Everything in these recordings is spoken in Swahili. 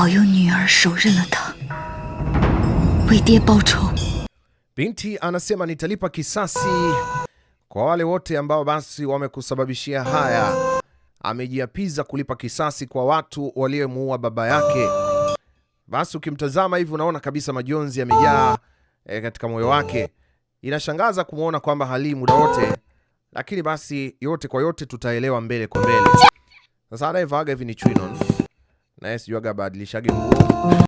保佑女儿手刃了他，为爹报仇。Binti anasema nitalipa kisasi kwa wale wote ambao basi wamekusababishia haya. Amejiapiza kulipa kisasi kwa watu waliomuua baba yake. Basi ukimtazama hivi unaona kabisa majonzi yamejaa e, katika moyo wake. Inashangaza kumwona kwamba halii muda wote, lakini basi yote kwa yote tutaelewa mbele kwa mbele. Sasa anayevaaga hivi ni Chwinon naye sijuaga abadilishage nguo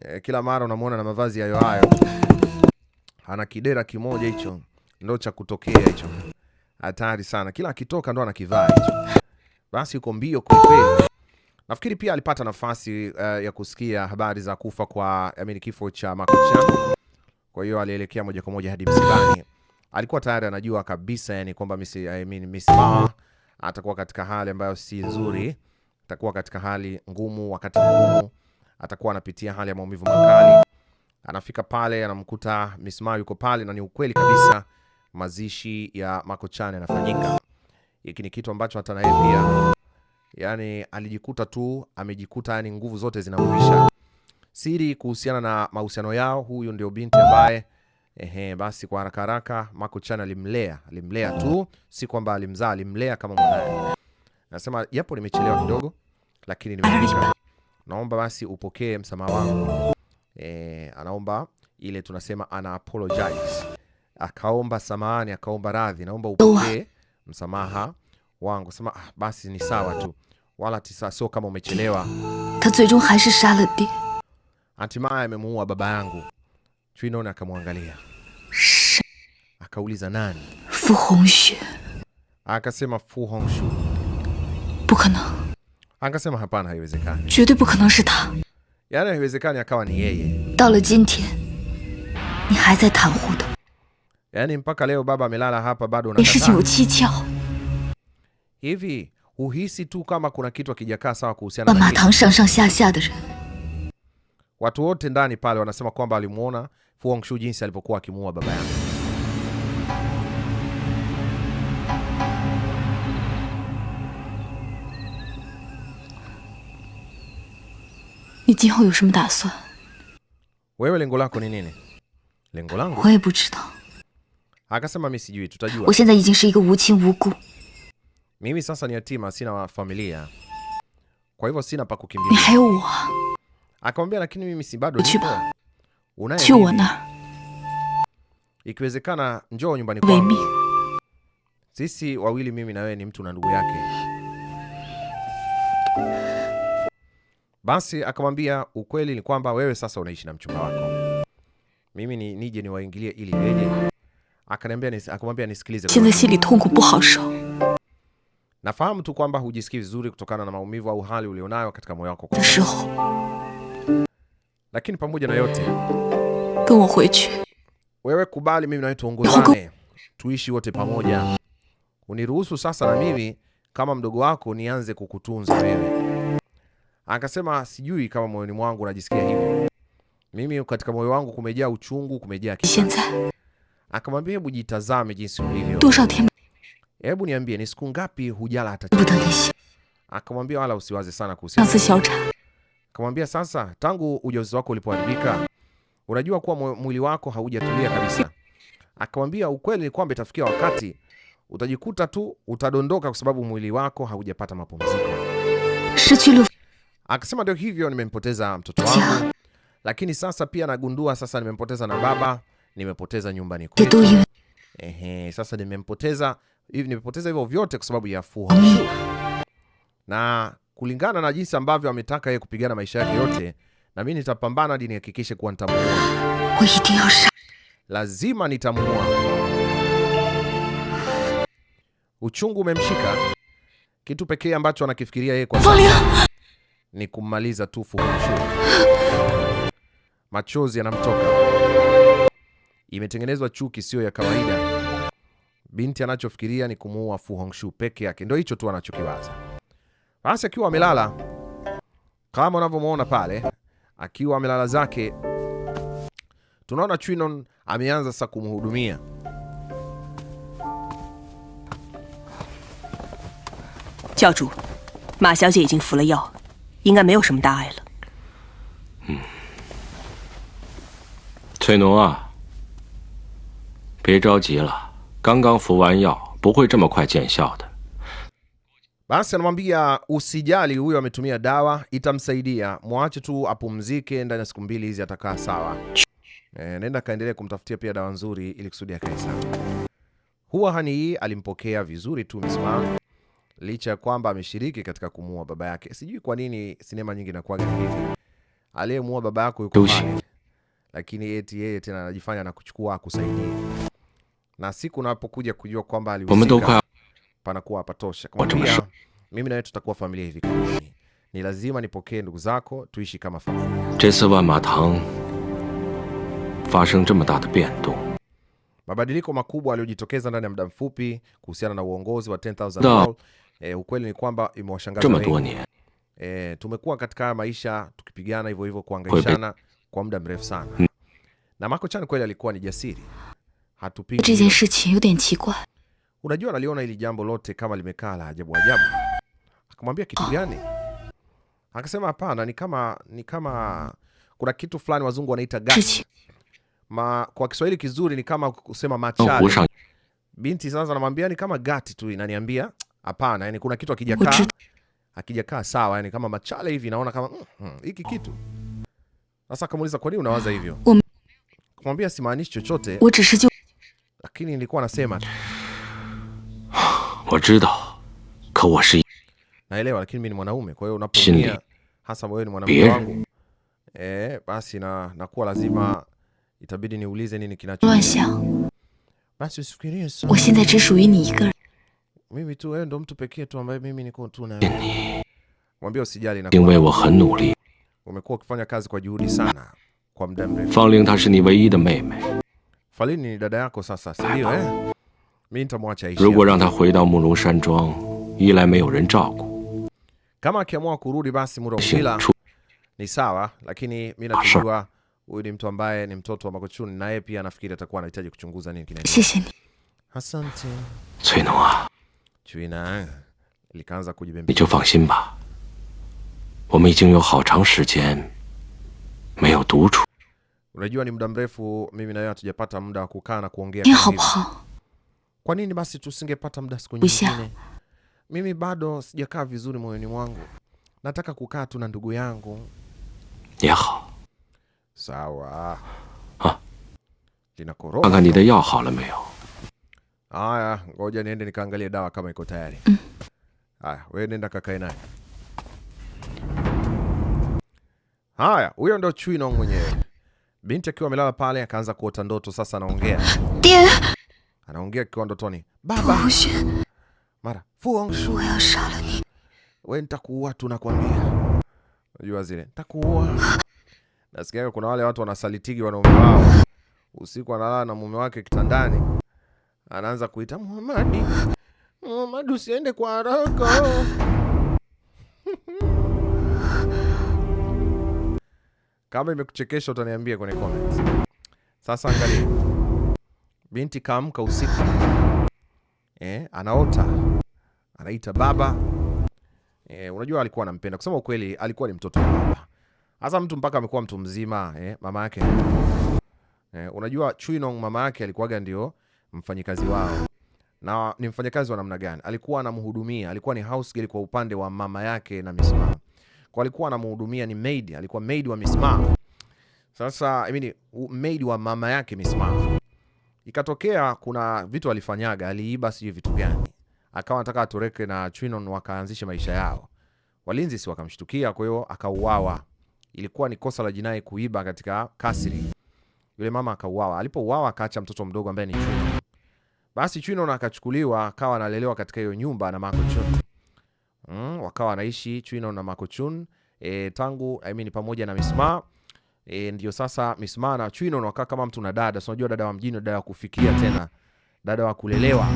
e, kila mara unamwona na mavazi hayo hayo. Ana kidera kimoja hicho ndo cha kutokea hicho, hatari sana. Kila akitoka ndo anakivaa hicho, basi yuko mbio kweli. Nafikiri pia alipata nafasi uh, ya kusikia habari za kufa kwa amini, kifo cha Michael Kwa hiyo alielekea moja kwa moja hadi msibani. Alikuwa tayari anajua kabisa yani kwamba Miss I mean, misi Ma atakuwa katika hali ambayo si nzuri atakuwa katika hali ngumu, wakati ngumu, atakuwa anapitia hali ya maumivu makali. Anafika pale anamkuta Misma yuko pale, na ni ukweli kabisa mazishi ya Makochane yanafanyika. Hiki ni kitu ambacho hata naye pia yani alijikuta tu amejikuta, yani nguvu zote zinamrudisha. Siri kuhusiana na mahusiano yao, huyu ndio binti ambaye ehe, basi kwa haraka haraka Makochane alimlea, alimlea tu, si kwamba alimzaa, alimlea kama mwanae. Nasema yapo nimechelewa kidogo, lakini nimefika. Naomba basi upokee msamaha wangu. E, anaomba ile tunasema ana apologize. Akaomba samahani, akaomba radhi. Naomba upokee msamaha wangu. Sema ah, basi ni sawa tu. Wala tisa sio kama umechelewa. Hatimaye amemuua baba yangu. Chinoon akamwangalia. Akauliza nani? Fu Hongxue. Akasema Fu Hongxue. Akasema hapana, haiwezekani. Yani haiwezekani akawa ni yeye. ni Yani mpaka leo baba amelala hapa bado unakataa. Hivi uhisi tu kama kuna kitu akijakaa sawa kuhusiana na watu wote ndani pale wanasema kwamba alimuona Fu Hongxue jinsi alipokuwa akimuua baba yake. 你今后有什么打算？Wewe lengo lako ni nini? Lengo langu? 我也不知道。Akasema mimi sijui, tutajua. 我现在已经是一个无亲无故。Mimi sasa ni yatima, sina familia. Kwa hivyo sina pa kukimbilia. Ni hayo wa. Akamwambia lakini mimi si bado nipo. Unaye. Chiwa na. Ikiwezekana njoo nyumbani kwangu. Sisi wawili mimi na wewe ni mtu na ndugu yake. Basi akamwambia ukweli ni kwamba wewe sasa unaishi na mchumba wako, mimi ni nije niwaingilie ili yeye iweje? Akamwambia nisikilize, nafahamu tu kwamba hujisikii vizuri kutokana na maumivu au hali ulionayo katika moyo wako, lakini pamoja na yote wewe kubali mimi nawe tuongozane, tuishi wote pamoja, uniruhusu sasa na mimi kama mdogo wako nianze kukutunza wewe Akasema sijui kama moyoni mwangu najisikia hivyo. Mimi katika moyo wangu kumejaa uchungu, kumejaa kiasi. Akamwambia hebu jitazame jinsi ulivyo. Hebu niambie ni siku ngapi hujala hata chakula? Akamwambia wala usiwaze sana kuhusu. Akamwambia sasa tangu ujauzito wako ulipoharibika unajua kuwa mwili wako haujatulia kabisa. Akamwambia ukweli ni kwamba itafikia wakati utajikuta tu utadondoka kwa sababu mwili wako haujapata mapumziko akasema ndio hivyo, nimempoteza mtoto wangu, lakini sasa pia nagundua sasa nimempoteza na baba, nimepoteza nyumbani kwetu. Ehe, sasa nimempoteza hivi, nimepoteza hivyo vyote kwa sababu ya Fu Hongxue, na kulingana na jinsi ambavyo ametaka yeye kupigana maisha yake yote, na mimi nitapambana hadi nihakikishe kuwa nitamuua, lazima nitamuua. Uchungu umemshika, kitu pekee ambacho anakifikiria yeye kwa sasa ni kummaliza tu Fu Hongxue. Machozi yanamtoka. Imetengenezwa chuki sio ya kawaida. Binti anachofikiria ni kumuua Fu Hongxue peke yake, ndio hicho tu anachokiwaza. Basi akiwa amelala kama unavyomwona pale, akiwa amelala zake, tunaona Chwinon ameanza sasa kumhudumia Jiao Ma Xiaojie yao 应该没有什么大碍了。嗯，翠奴啊，别着急了，刚刚服完药，不会这么快见效的。Basi anamwambia usijali, huyo ametumia dawa itamsaidia, mwache tu apumzike, ndani ya siku mbili hizi atakaa sawa. E, nenda kaendelea kumtafutia pia dawa nzuri ili kusudi akae sawa. Huwa hani alimpokea vizuri tu Misma licha ya kwamba ameshiriki katika kumuua baba yake. Sijui kwa nini sinema nyingi inakuwaga hivi, aliyemuua baba yako yuko pale, lakini eti yeye tena anajifanya na kuchukua akusaidie, na siku unapokuja kujua kwamba alihusika, panakuwa hapatosha. Kumwambia mimi na wewe tutakuwa familia hivi karibuni, ni lazima nipokee ndugu zako, tuishi kama familia. Mabadiliko makubwa aliyojitokeza ndani ya muda mfupi kuhusiana na uongozi wa 10000 E, ukweli ni kwamba imewashangaza wengi. E, tumekuwa katika haya maisha tukipigana hivyo hivyo kuangaishana kwa muda mrefu sana. Mm. Na Marco Chan kweli alikuwa ni jasiri. Hatupigi. Unajua naliona hili jambo lote kama limekaa la ajabu ajabu. Akamwambia kitu ah. gani? Akasema hapana, ni kama ni kama kuna kitu fulani wazungu wanaita gap. Ma, kwa Kiswahili kizuri ni kama kusema oh, machale. Binti sasa anamwambia ni kama gati tu inaniambia Hapana, yani kuna kitu akijakaa akijakaa sawa, yani kama machale hivi naona kama mm, mm, hiki mm, kitu. Sasa akamuuliza kwa nini unawaza ah. hivyo? Um- Kumwambia simaanishi chochote. Lakini nilikuwa nasema naelewa, lakini mi ni mwanaume, kwa hiyo unapoumia hasa wewe ni mwanamke wangu eh, basi na nakuwa lazima itabidi niulize nini kinacho. Basi usifikirie sana mimi tu wewe ndo mtu pekee tu ambaye mimi niko tu na yaani, Mwambie usijali na kwa wewe wa nuli. Umekuwa ukifanya kazi kwa juhudi sana kwa muda mrefu. Falin ta shi ni wei yi de meime. Falin ni dada yako sasa, si ndio eh? Mimi nitamwacha aishi. Rugo rang ta hui dao Murong Shan Zhuang, yi lai mei ren zhao Kama akiamua kurudi basi Murongila ni sawa, lakini mimi natujua huyu ni mtu ambaye ni mtoto wa Makochuni na yeye pia nafikiri atakuwa anahitaji kuchunguza nini kinaendelea. Asante. Cui Nua unajua ni muda mrefu mimi nawe hatujapata muda wa kukaa na kuongea. Kwa nini basi tusingepata muda siku nyingine? Mimi bado sijakaa vizuri moyoni mwangu. Nataka kukaa tu na ndugu yangu. Sawa. Linakoroga. ni de yao meo. Aya, ngoja niende nikaangalie dawa kama iko tayari. Aya, wewe nenda kakae naye. Haya, huyo ndo Chui Nong mwenyewe. Binti akiwa amelala pale akaanza kuota ndoto sasa anaongea. Anaongea akiwa ndotoni. Baba. Mara, Fu Hongxue. Wewe nitakuua tu nakwambia. Unajua zile, nitakuua. Nasikia kuna wale watu wanasalitigi wanaume wao. Usiku analala na mume wake kitandani. Anaanza kuita Muhamadi, Muhamadi, usiende kwa haraka. Kama imekuchekesha utaniambia kwenye comments. Sasa angalia, binti kaamka usiku eh, anaota anaita baba eh, unajua alikuwa anampenda kusema ukweli, alikuwa ni mtoto wa baba hasa mtu mpaka amekuwa mtu mzima eh, mama yake eh, unajua Chuinong mama yake alikuwaga ndio mfanyikazi wao na ni mfanyakazi wa namna gani? Alikuwa anamhudumia, alikuwa ni house girl kwa upande wa mama yake na Misma, kwa alikuwa anamhudumia ni maid, alikuwa maid wa Misma. Sasa I mean maid wa mama yake Misma. Ikatokea kuna vitu alifanyaga, aliiba sijui vitu gani, akawa anataka atoreke na Chinon, wakaanzisha maisha yao. Walinzi si wakamshtukia, kwa hiyo akauawa. Ilikuwa ni kosa la jinai kuiba katika kasri. Yule mama akauawa. Alipouawa akaacha mtoto mdogo ambaye ni Chinon basi Chunon akachukuliwa akawa analelewa katika hiyo nyumba na Ma Kongqun. Mm, wakawa wanaishi Chunon na Ma Kongqun e, tangu I mean, pamoja na Misma e, ndio sasa Misma na Chunon wakaa kama mtu na dada. So unajua dada wa mjini, dada wa kufikia tena, dada wa kulelewa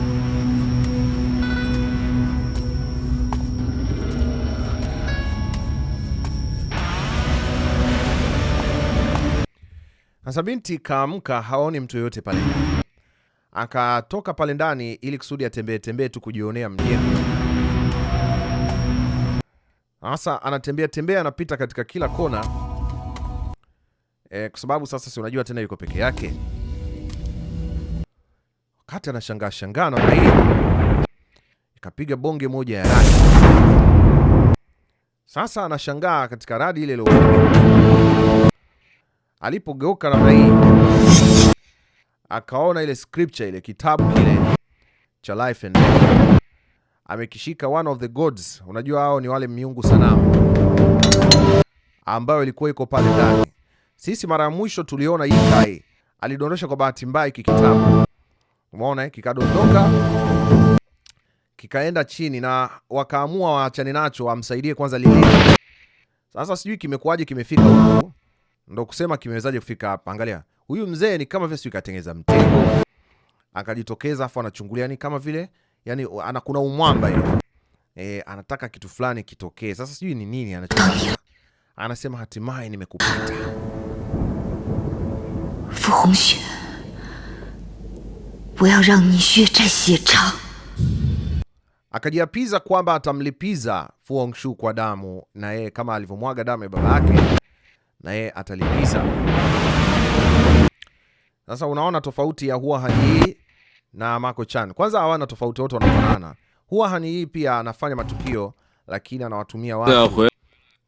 Sasa binti kaamka, haoni mtu yoyote pale akatoka pale ndani ili kusudi atembee tembee tu kujionea mjengo. Sasa anatembea tembea, anapita katika kila kona e, kwa sababu sasa si unajua tena yuko peke yake. Wakati anashangaa shangaa namna hii ikapiga bonge moja ya radi. Sasa anashangaa katika radi ile namna hii akaona ile scripture ile kitabu kile cha life and death, amekishika one of the gods. Unajua hao ni wale miungu sanamu ambayo ilikuwa iko pale ndani. Sisi mara ya mwisho tuliona kai alidondosha kwa bahati mbaya hiki kitabu, umeona eh? kikadondoka kikaenda chini, na wakaamua waachane nacho, wamsaidie kwanza lilile. Sasa sijui kimekuwaje kimefika huko ndo kusema kimewezaje kufika hapa. Angalia huyu mzee ni kama vile sio mtego akajitokeza, afu anachungulia ni kama vile yani ana kuna umwamba hiyo e, anataka kitu fulani kitokee. Sasa sijui ni nini anachotaka, anasema hatimaye nimekupata. Akajiapiza kwamba atamlipiza Fu Hongxue kwa damu na yeye kama alivyomwaga damu ya baba yake naye atalipiza. Sasa unaona tofauti ya Huahani hii na Mako Chan. Kwanza hawana tofauti, wote wanafanana. Huahani hii pia anafanya matukio lakini anawatumia watu.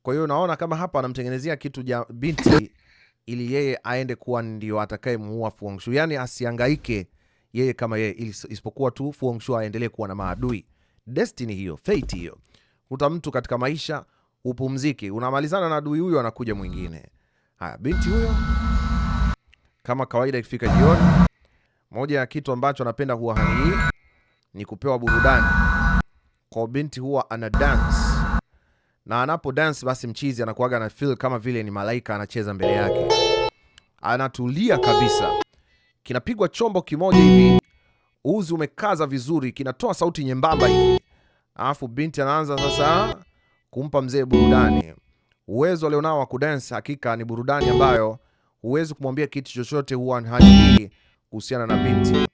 Kwa hiyo unaona kama hapa anamtengenezea kitu ja binti ili yeye aende kuwa ndio atakayemuua Fu Hongxue, yani asiangaike yeye kama yeye, isipokuwa tu Fu Hongxue aendelee kuwa na maadui. Destiny hiyo, fate hiyo, uta mtu katika maisha upumziki, unamalizana na adui huyo, anakuja mwingine. Haya, binti huyo kama kawaida, ikifika jioni, moja ya kitu ambacho anapenda huwa hali ni kupewa burudani kwa binti, huwa ana dance na anapo dance, basi mchizi anakuaga na feel kama vile ni malaika anacheza mbele yake, anatulia kabisa. Kinapigwa chombo kimoja hivi, uzi umekaza vizuri, kinatoa sauti nyembamba hivi, alafu binti anaanza sasa kumpa mzee burudani. Uwezo alionao wa kudance hakika ni burudani ambayo huwezi kumwambia kitu chochote, huwa hajui kuhusiana na binti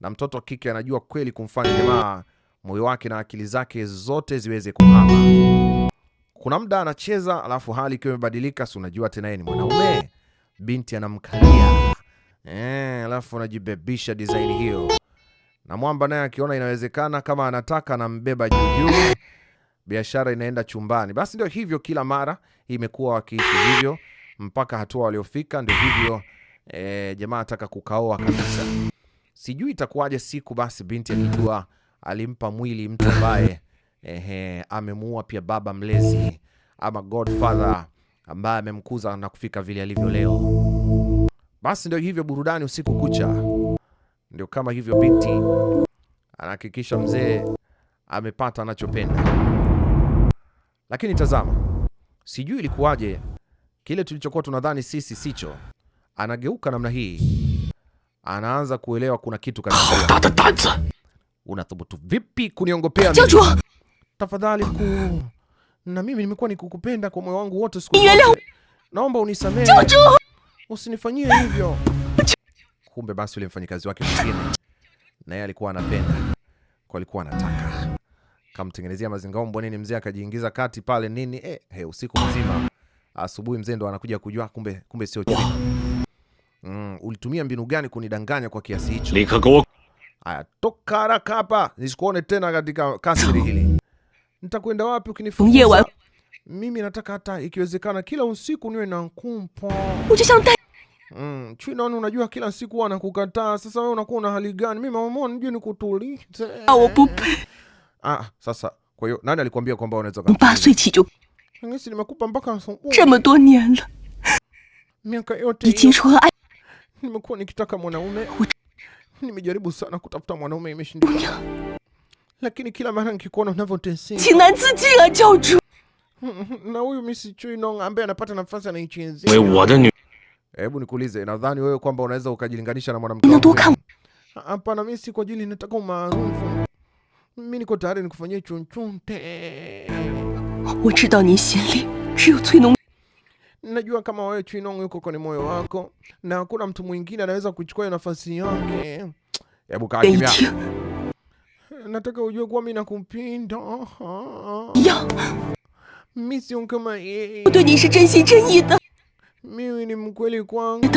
na mtoto wa kike anajua kweli kumfanya jamaa moyo wake na akili zake zote ziweze kuhama. Kuna muda anacheza, alafu hali ikiwa imebadilika, si unajua tena yeye ni mwanaume, binti anamkalia eh, alafu anajibebisha design hiyo, na mwamba naye akiona inawezekana kama anataka, anambeba juu juu biashara inaenda chumbani. Basi ndio hivyo, kila mara imekuwa wakiishi hivyo mpaka hatua waliofika ndio hivyo. E, jamaa ataka kukaoa kabisa, sijui itakuwaje siku. Basi binti akijua alimpa mwili mtu ambaye ehe, amemuua pia baba mlezi ama godfather ambaye amemkuza na kufika vile alivyo leo. Basi ndio hivyo, burudani usiku kucha. Ndio kama hivyo, binti anahakikisha mzee amepata anachopenda. Lakini tazama, sijui ilikuwaje, kile tulichokuwa tunadhani sisi sicho, anageuka namna hii, anaanza kuelewa kuna kitu kabisa. Oh, Unathubutu vipi kuniongopea mimi? Tafadhali ku... na mimi nimekuwa nikukupenda kwa moyo wangu wote siku zote, naomba unisamehe, usinifanyie hivyo. Kumbe basi yule mfanyikazi wake mwingine naye alikuwa anapenda, kwa alikuwa anataka kamtengenezea mazingaombwa nini, mzee akajiingiza kati pale nini, eh, he, eh, usiku mzima, asubuhi mzee ndo anakuja kujua kumbe, kumbe sio chini. Mm, ulitumia mbinu gani kunidanganya kwa kiasi hicho? Haya, toka haraka hapa, nisikuone tena katika kasri hili. Nitakwenda wapi ukinifunga? Mimi nataka hata ikiwezekana kila usiku niwe na nkumpa. Mm, chui naona unajua kila siku wanakukataa. Sasa wewe unakuwa na hali gani? Mimi mambo najua ni kutuliza. Ah, ah, sasa kwa hiyo nani alikwambia kwamba unaweza nimekupa mpaka miaka yote nimekuwa nikitaka mwanaume, nimejaribu sana kutafuta mwanaume, imeshindikana, lakini kila mara nikikuona unavyoteseka. Na huyu Miss Chui Nong ambaye anapata nafasi anaichezea. Hebu nikuulize, nadhani wewe kwamba unaweza ukajilinganisha na mwanamke? Hapana, mimi si kwa ajili, nataka umaarufu mi niko tayari nikufanyie chunchunte. najua kama wewe Chinong yuko kwenye moyo wako na hakuna mtu mwingine anaweza kuchukua hiyo nafasi yake. Hebu kaa kimya. Nataka ujue kuwa mi nakupenda. Mi sio kama yeye. Mimi ni mkweli kwangu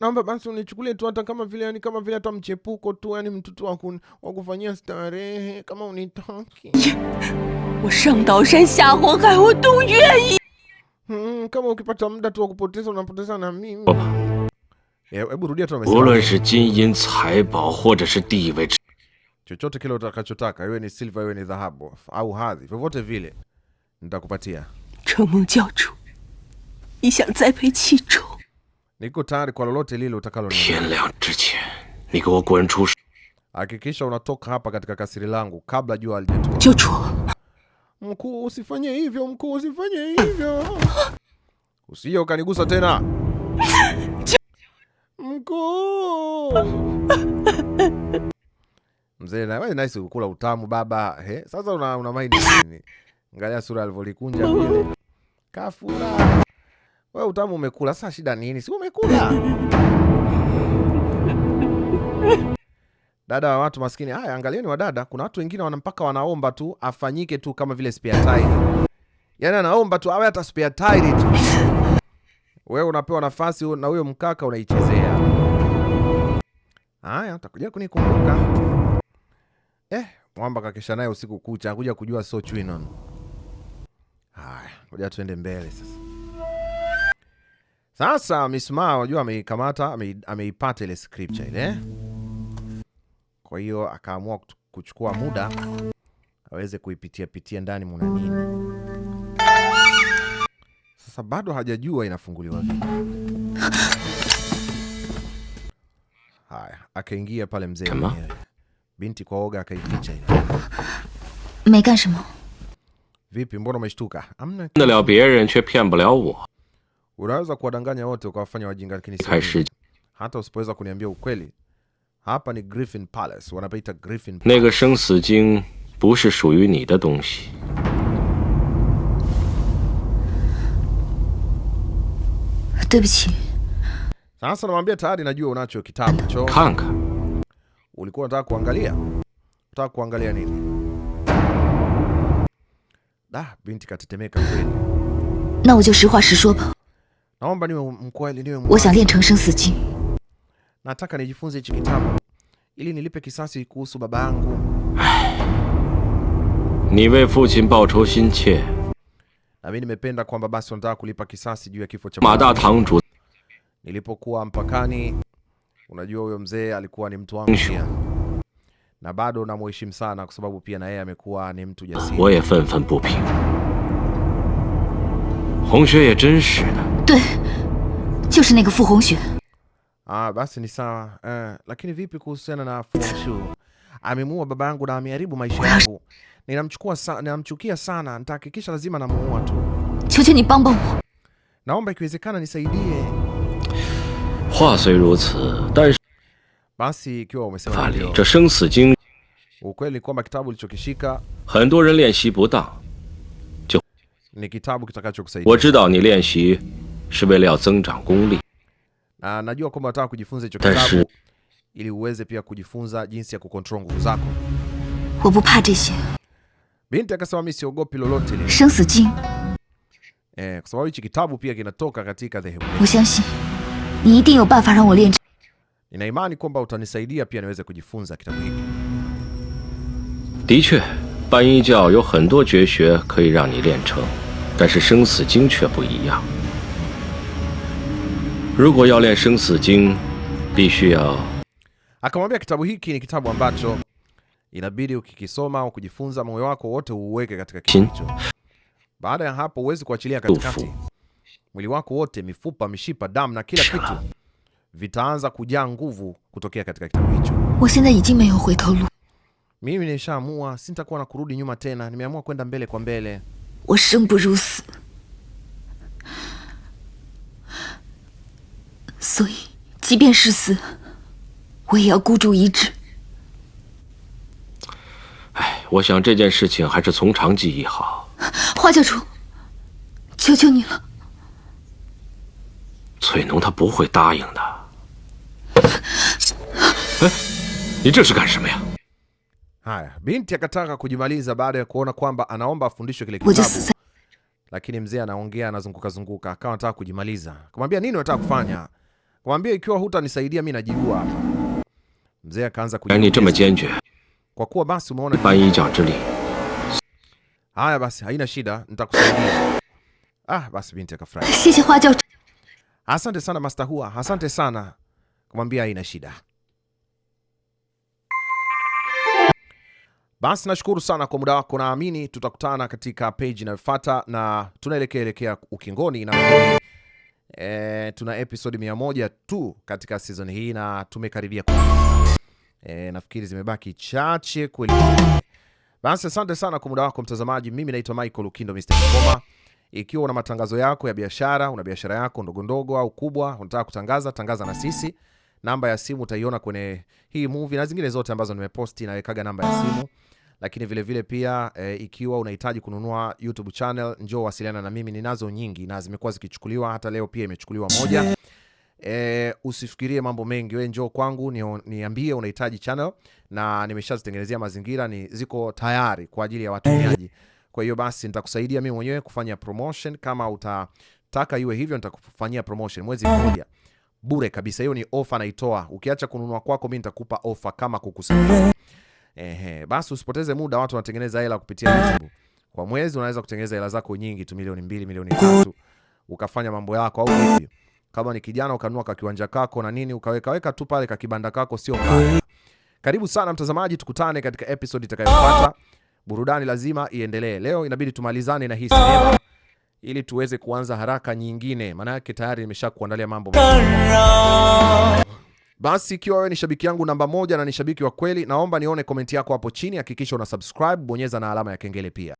naomba basi unichukulie tu hata kama vile yani, kama vile hata mchepuko tu yani, mtoto wa kufanyia starehe kama unitaki mm, kama ukipata muda tu wa kupoteza unapoteza na mimi. Oh. Eh, hebu rudia tu, amesema chochote kile utakachotaka, iwe ni silver, iwe ni dhahabu au hadhi, vyovyote vile nitakupatia. Chengmeng jiao chu, ni xiang zai pei qi zhou Niko tayari kwa lolote lile utakalo. Hakikisha unatoka hapa katika kasiri langu kabla jua halijatoka. Mkuu, usifanye hivyo, mkuu, usifanye hivyo. Usije ukanigusa tena. Mkuu. Mzee na wewe nice kukula utamu baba. He, sasa una una mind nini? Angalia sura alivyolikunja vile. Kafura. We utamu umekula, sasa shida nini? Si umekula dada wa watu maskini. Haya, angalieni wadada, kuna watu wengine wana mpaka wanaomba tu afanyike tu kama vile spare tire, yani anaomba tu awe hata spare tire tu. Wewe unapewa nafasi na huyo mkaka unaichezea. Haya, utakuja kunikumbuka eh. Mwamba kakesha naye usiku kucha, akuja kujua so Chwinon. Haya, ngoja tuende mbele sasa. Sasa Misma unajua ameikamata, ameipata ile scripture ile, kwa hiyo akaamua kuchukua muda aweze kuipitia pitia ndani muna nini. Sasa bado hajajua inafunguliwa vipi. Haya, akaingia pale mzee mwenyewe, binti kwa oga akaificha ile. Vipi, mbona umeshtuka? Amna. Unaweza kuwadanganya wote ukawafanya wajinga, lakini si hata usipoweza kuniambia ukweli. Hapa ni Griffin Palace, wanapaita Griffin Palace. Nega shengsi jing bushi shuyu ni de dongxi. Debichi. Sasa namwambia tayari najua unacho kitabu cho. Kanka. Ulikuwa unataka kuangalia? Unataka kuangalia nini? Da, binti katetemeka kweli. Na ujo shihua shishuwa. hua Naomba niwe mkweli, niwe mkweli. Nataka nijifunze hichi kitabu ili nilipe kisasi kuhusu baba yangu. Ni fuqin bao chou xin qie. Na mimi nimependa kwamba basi wanataka kulipa kisasi juu ya kifo cha baba. Nilipokuwa mpakani, unajua huyo mzee alikuwa ni mtu wangu pia, na bado namheshimu sana kwa sababu pia na yeye amekuwa ni mtu jasiri. 对，就是那个傅红雪。Ah, basi ni sawa. Uh, lakini vipi kuhusiana na Fu Amemuua baba yangu na ameharibu maisha yangu. Ninamchukua sa, ninamchukia sana. Nitahakikisha lazima namuua tu. Chocho ni bang Naomba ikiwezekana nisaidie. Hua sui ru ci, dan basi ikiwa umesema hivyo. Zhe sheng si jing. Ukweli kwamba kitabu ulichokishika. Hen duo ren lian xi bu dang. Ni kitabu kitakachokusaidia. Wo zhi ni lian xi 是为了要增长功力。Na najua kwamba unataka kujifunza hicho kitabu ili uweze pia kujifunza jinsi ya kucontrol nguvu zako. Binti akasema mimi siogopi lolote lile. Eh, kwa sababu hichi kitabu pia kinatoka katika dhehebu. Nina imani kwamba utanisaidia pia niweze kujifunza kitabu hiki. 的确，半一教有很多绝学可以让你练成，但是生死经却不一样。如果要练生死经，必须要 akamwambia kitabu hiki ni kitabu ambacho inabidi ukikisoma au kujifunza, moyo wako wote uweke katika kicho. Baada ya hapo, huwezi kuachilia katikati. Mwili wako wote, mifupa, mishipa, damu na kila kitu vitaanza kujaa nguvu kutokea katika kitabu hicho. Mimi nimeshaamua, sitakuwa na kurudi nyuma tena, nimeamua kwenda mbele kwa mbele. 所以，即便是死，我也要孤注一掷。哎，我想这件事情还是从长计议好。花教主，求求你了。翠浓她不会答应的。哎，你这是干什么呀？哎，bin tika taka kudi Maliza bade kona kuamba anaomba fundisho kileka. 我就死在。Lakini mzee na ongea na zunguka zunguka kwauntaka k u j i Maliza. Kwaambia nino i taka kufanya? Kumwambia ikiwa hutanisaidia mimi najiua hapa. Mzee akaanza kujibu. Kwa kuwa basi umeona. Haya basi haina shida nitakusaidia. Ah basi binti akafurahi. Asante sana Master Hua, asante sana. Kumwambia haina shida. Basi nashukuru sana kwa muda wako, naamini tutakutana katika page inayofuata na tunaelekea elekea ukingoni na E, tuna episode mia moja tu katika season hii na tumekaribia e, nafikiri zimebaki chache kweli. Basi asante sana kwa muda wako mtazamaji. Mimi naitwa Michael Lukindo Mr. Koma. Ikiwa una matangazo yako ya biashara, una biashara yako ndogo ndogo au kubwa, unataka kutangaza, tangaza na sisi. Namba ya simu utaiona kwenye hii movie na zingine zote ambazo nimeposti, nawekaga namba ya simu lakini vilevile vile pia e, ikiwa unahitaji kununua YouTube channel njoo wasiliana na mimi, ninazo nyingi na zimekuwa zikichukuliwa, hata leo pia imechukuliwa moja. E, usifikirie mambo mengi, we njoo kwangu niambie ni unahitaji channel, na nimeshazitengenezea mazingira ni ziko tayari kwa ajili ya watumiaji. Kwa hiyo basi nitakusaidia mimi mwenyewe kufanya promotion, kama utataka iwe hivyo nitakufanyia promotion mwezi mmoja bure kabisa. Hiyo ni ofa naitoa, ukiacha kununua kwako mimi nitakupa ofa kama kukusaidia Ehe, basi usipoteze muda, watu wanatengeneza hela kupitia YouTube. Kwa mwezi unaweza kutengeneza hela zako nyingi tu, milioni mbili, milioni tatu, ukafanya mambo yako au vipi? Kama ni kijana ukanua ka kiwanja kako na nini ukaweka weka tu pale ka kibanda kako, sio mbaya. Karibu sana mtazamaji, tukutane katika episode itakayofuata. Burudani lazima iendelee. Leo inabidi tumalizane na hii sinema ili tuweze kuanza haraka nyingine, maana yake tayari nimeshakuandalia mambo mengi. Basi ikiwa wewe ni shabiki yangu namba moja na ni shabiki wa kweli, naomba nione komenti yako hapo chini. Hakikisha una subscribe, bonyeza na alama ya kengele pia.